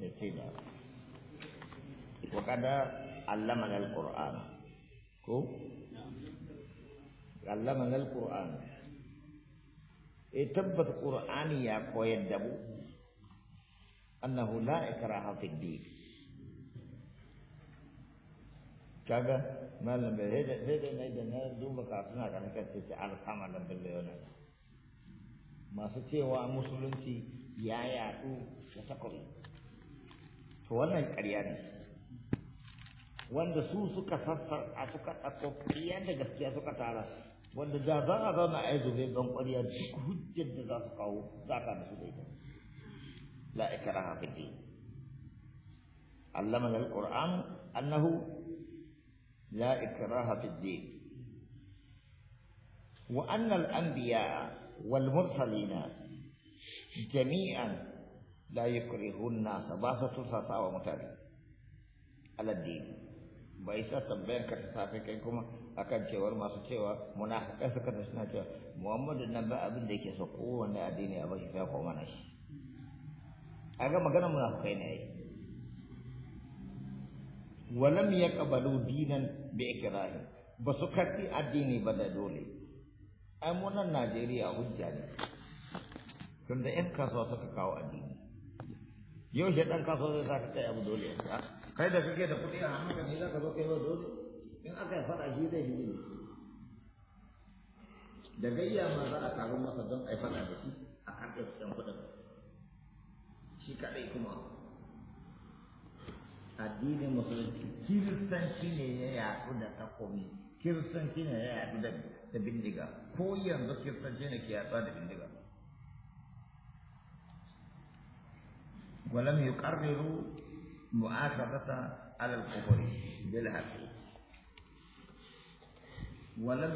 da ce da wa kada alquran ko allamana alquran e tabbata qur'ani ya koyar da mu annahu la ikraha fi din kaga malam bai da sai da nai da na duba kafin a kan kace ce wala masu cewa musulunci ya yadu da sakon to wannan ƙarya ne wanda su suka sassar a suka ɗauko ƙarya da gaskiya suka tara wanda da za a zauna a yi zube ban ƙarya duk hujjar da za su kawo za ka musu da ita la ikraha fi din allama al-qur'an annahu la ikraha fi din wa anna al-anbiya wal mursalina jami'an la yukrihun nasa ba sa tursasa wa mutane bai sa tambayar ka ta safe kai kuma akan cewar masu cewa munafikai suka ta suna cewa muhammadu nan ba abin da yake so kowane addini a bashi sai ko mana shi a ga maganar munafikai ne yayi walam yaqbalu dinan bi ikrahi ba su karbi addini ba da dole ai mu nan Najeriya hujja ne tunda yan kasuwa suka kawo addini yau shi ɗan kaso zai sa ka kai abu dole ya ah, kai da kake da kuɗi a hannunka ne za ka zo kai wa dole in aka yi faɗa shi zai shi ne da gayya ma za a taru masa don a yi faɗa da shi a karɓe kuɗin kuɗin shi kaɗai kuma addinin musulunci kiristanci ne ya yaɗu da takobi kiristanci ne ya yaɗu da bindiga ko yanzu kiristanci ne ke yaɗuwa da bindiga ولم يقرروا مؤاخذة على الكفر بالعكس ولم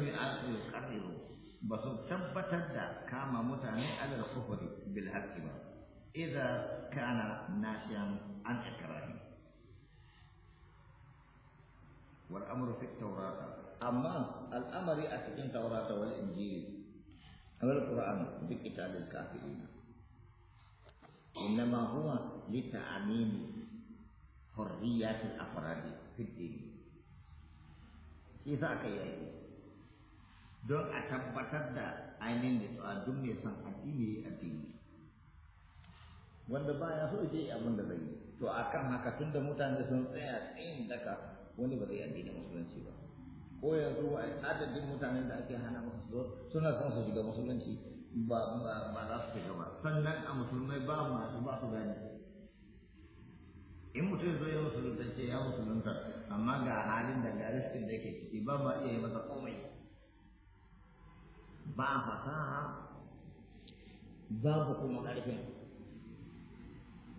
يقرروا بس ثبتت كما متعني على الكفر بالعكس إذا كان ناشئا عن إكراه والأمر في التوراة أما الأمر في التوراة والإنجيل والقرآن بكتاب الكافرين إنما هو لتعميم حرية الأفراد في الدين إذا كان don a tabbatar da ainihin nutsuwa duk mai son addini ya addini wanda ba ya so je abin da zai yi to a kan haka tun da mutane sun tsaya tsayin daga wani ba zai addini musulunci ba ko yanzu adadin mutanen da ake hana musu suna son su shiga musulunci ba ba za su shiga ba sannan a musulmai ba masu ba su gani in mutum zai yi musulunta ya musulunta amma ga halin da ga riskin da yake ciki ba ma iya yi masa komai ba a fasaha babu kuma ƙarfin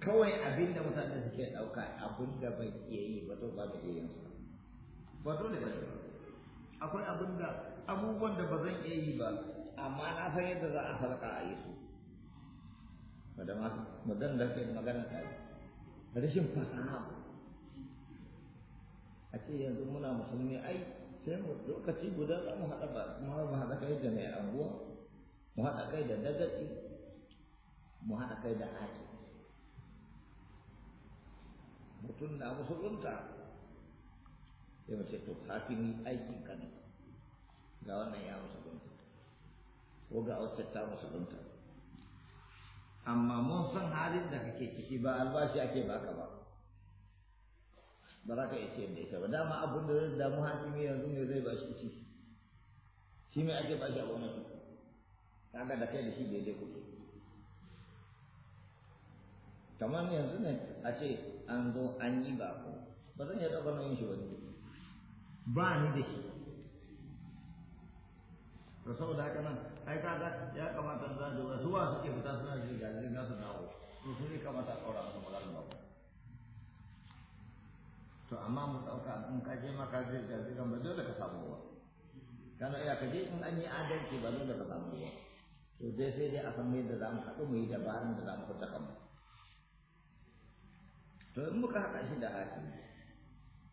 kawai abin da mutane suke ɗauka abin da bai iya yi ba to ba da iya yin ba dole ba akwai abin da abubuwan da ba zan iya yi ba amma na san yadda za a halka a yi su magana da ke magana ta yi rashin fasaha a ce yanzu muna musulmi ai sai mu lokaci guda za mu haɗa ba mu haɗa kai da mai anguwa mu haɗa kai da dagaci mu haɗa kai da aki mutum na musulunta sai mu ce to kafin aikin kan Gawan wannan ya musulunta Oga wacce ta musulunta amma mun san halin da kake ciki ba albashi ake baka ba ba za ka iya ce da ita ba dama abin da zai damu hakimi yanzu ne zai ba shi ciki shi mai ake bashi a gwamnati kaga da kai da shi daidai kuɗi kamar yanzu ne a ce an zo an yi ba ba zan iya ɗaukar nauyin shi wani ba ni da shi to saboda haka nan ai kaga ya kamata za da su ba suke fita suna ji jaririn nasu dawo to su ne kamata a ɗaura musu magana. babu to amma mu ɗauka in ka je maka je zai ba dole ka samu ba kana iya ka je in an yi adalci ba dole ka samu ba to dai sai dai a san yadda za mu haɗu mu yi dabarun da za mu fita kanmu to in muka haɗa shi da hakimi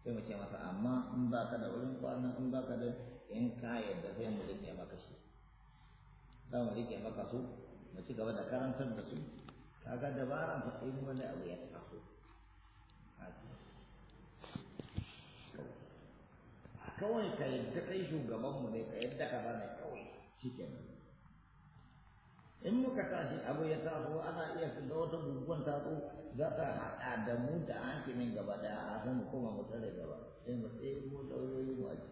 sai mu ce masa amma in ba ka da wurin kwana in ba ka da in ka yadda sai mu rike maka shi za mu rike maka su mu ci gaba da karantar da su kaga dabaran ta ɗin wani abu ya taso kawai ka yadda kai shugabanmu ne ka yadda ka bane kawai shi kenan in muka tashi abu ya taso ana iya shiga wata guguwan taso za ta haɗa da mu da hakimin gaba da a san koma mu tsare gaba sai mu tsaye mu lauyoyi mu aji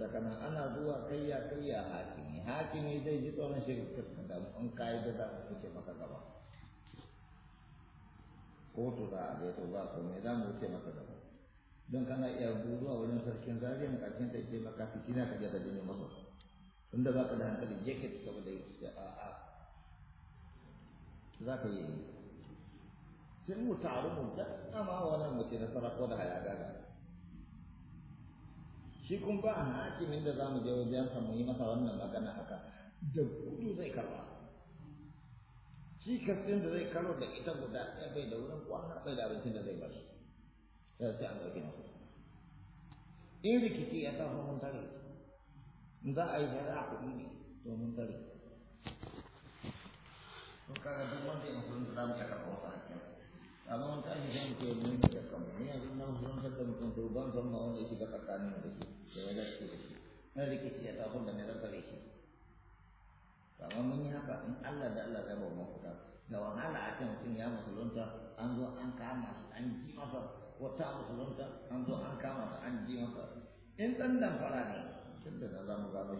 da kana ana zuwa kayya kayya hakimi hakimi zai ji tsoron shi ka da in kai da za ku ce maka gaba kotu za a bai to ba ko me za mu ce maka gaba don kana iya zuwa wurin sarkin zariya mu karshen ta ce maka fitina ka je ka dinga masa tunda ba ka da hankali je ka ba gaba da yi da a'a za ka yi sai mu taru mu da kama wannan mu ce nasara ko da haya gaga shi kun ba a hakimin za mu je wajen sa mu yi masa wannan magana haka da gudu zai karba shi kasin da zai karo da ita guda ɗaya bai da wurin kwana bai da abincin da zai bar shi sai an ɗauki nasa in rikici ya sa mun tare in za a yi da a kuɗi ne domin tare to kaga duk wanda ya mutum da zamu taka ko sa hakkin amma wata ta zan zan yi mun da kama. ne yanzu nan mun san da mutum to ban zan ma wanda yake da tsakanin da ke da ya dace da shi na rikici ya tafi da ne zan tare shi amma mun yi haka in Allah da Allah zai ba mu kuɗa da wahala a kan mutum ya musulunta an zo an kama shi an ji masa wata musulunta an zo an kama shi an ji masa in ɗan fara ne tun za mu gano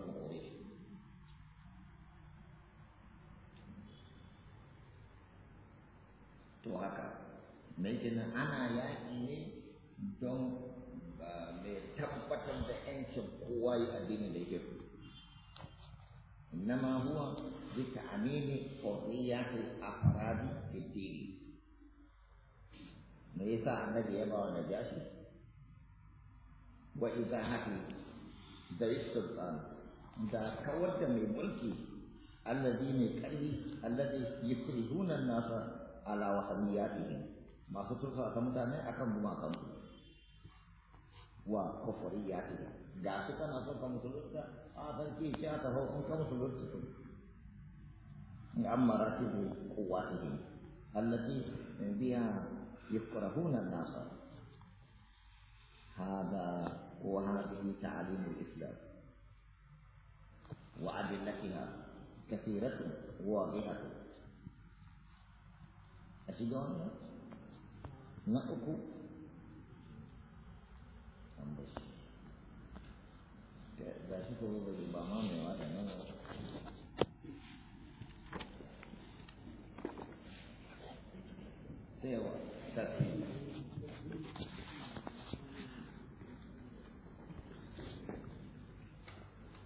to haka mai kenan ana yaƙi ne don mai tabbatar da yancin kowa yi addinin da yake إنما هو لتعميم حرية الأفراد في الدين me ya ba wa da sultan da kawar da mai mulki allazi mai karfi allazi yukrihuna an-nasa ala wahmiyatihim masu turfa ga mutane akan gumakan su wa kufriyatihim da su kana son ka musulunta a sarki shi aka hau in ka musulunta su amma ratibu quwwatihim allati biha yukrahuna an-nasa هذا وهذه تعاليم الإسلام وأدلتها كثيرة واضحة أشجار نأكو أمبش da shi ko bai ba